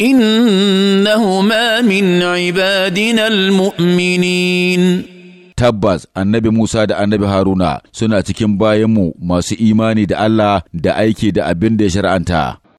إنهما من عبادنا المؤمنين tabbas annabi Musa da annabi Haruna suna cikin bayanmu masu imani da Allah da aiki da abin da ya shar'anta.